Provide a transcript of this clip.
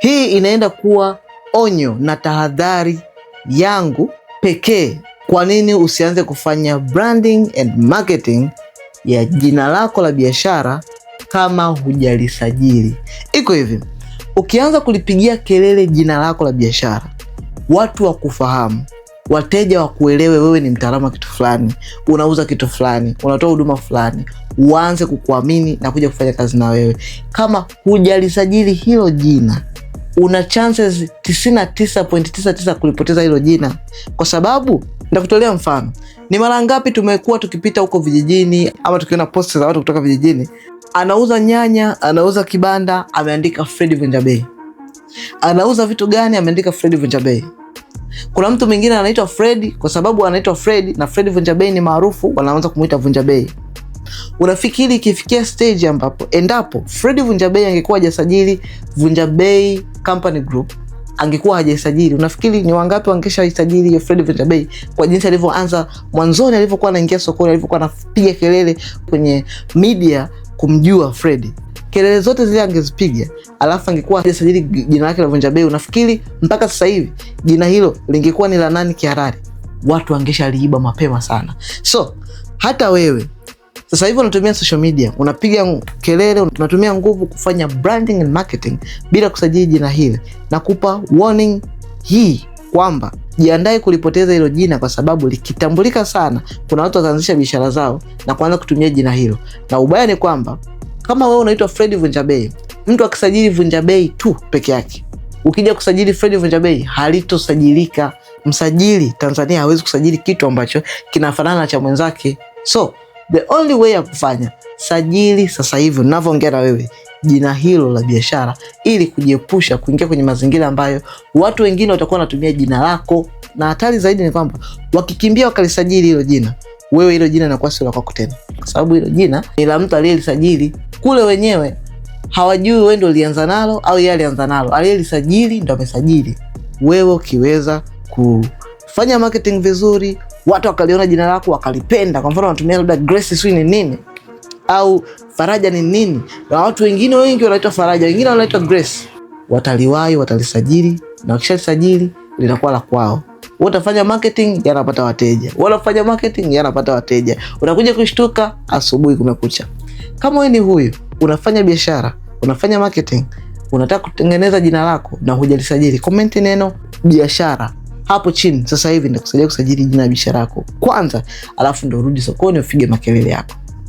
Hii inaenda kuwa onyo na tahadhari yangu pekee. Kwa nini usianze kufanya branding and marketing ya jina lako la biashara kama hujalisajili? Iko hivi, ukianza kulipigia kelele jina lako la biashara, watu wa kufahamu wateja wa kuelewe wewe ni mtaalamu wa kitu fulani, unauza kitu fulani, unatoa huduma fulani, waanze kukuamini na kuja kufanya kazi na wewe. Kama hujalisajili hilo jina una chances 99.99 kulipoteza hilo jina, kwa sababu nitakutolea mfano. Ni mara ngapi tumekuwa tukipita huko vijijini ama tukiona posti za watu kutoka vijijini, anauza nyanya, anauza kibanda, ameandika Fred Bei. Anauza vitu gani? Ameandika Fred Bei. Kuna mtu mwingine anaitwa Fred kwa sababu anaitwa Fred na Fred Bei ni maarufu, wanaanza kumuita Vunja Bei. Unafikiri ikifikia stage ambapo endapo Fred Vunja Bei angekuwa hajasajili Bei Company Group angekuwa hajaisajili, unafikiri ni wangapi wangeshaisajili Fred Vitabe kwa jinsi alivyoanza mwanzoni, alivyokuwa anaingia sokoni, alivyokuwa anapiga kelele kwenye media kumjua Fred kelele zote zile angezipiga, alafu angekuwa hajasajili jina lake la Vunja Bei, unafikiri mpaka sasa hivi jina hilo lingekuwa ni la nani kihalali? Watu wangeshaliiba mapema sana. So hata wewe sasa hivi unatumia social media, unapiga kelele, unatumia nguvu kufanya branding and marketing bila kusajili jina hili. Nakupa warning hii kwamba jiandae kulipoteza hilo jina, kwa sababu likitambulika sana, kuna watu wataanzisha biashara zao na kuanza kutumia jina hilo. Na ubaya ni kwamba kama wewe unaitwa Fred Vunjabei, mtu akisajili Vunjabei tu peke yake, ukija kusajili Fred Vunjabei halitosajilika. Msajili Tanzania hawezi kusajili kitu ambacho kinafanana na cha mwenzake so The only way ya kufanya, sajili sasa hivi unavyoongea na wewe jina hilo la biashara ili kujiepusha kuingia kwenye mazingira ambayo watu wengine watakuwa wanatumia jina lako, na hatari zaidi ni kwamba wakikimbia wakalisajili hilo jina, wewe hilo jina linakuwa sio la kwako tena, kwa sababu hilo jina ni la mtu aliyelisajili kule. Wenyewe hawajui wewe ndio ulianza nalo au yeye alianza nalo, aliyelisajili ndo amesajili. Wewe ukiweza kufanya marketing vizuri watu wakaliona jina lako wakalipenda. Kwa mfano wanatumia labda Grace Sui ni nini au Faraja ni nini, na watu wengine wengi wanaitwa Faraja, wengine wanaitwa Grace, wataliwai, watalisajili na wakishasajili linakuwa la kwao. Utafanya marketing, yanapata wateja, wanafanya marketing, yanapata wateja. Unakuja kushtuka, asubuhi kumekucha. Kama wewe ni huyu, unafanya biashara, unafanya marketing, unataka kutengeneza jina lako na hujalisajili, komenti neno biashara hapo chini sasa hivi ndakusaidia kusajili jina la biashara yako kwanza, alafu ndo urudi sokoni upige makelele yako.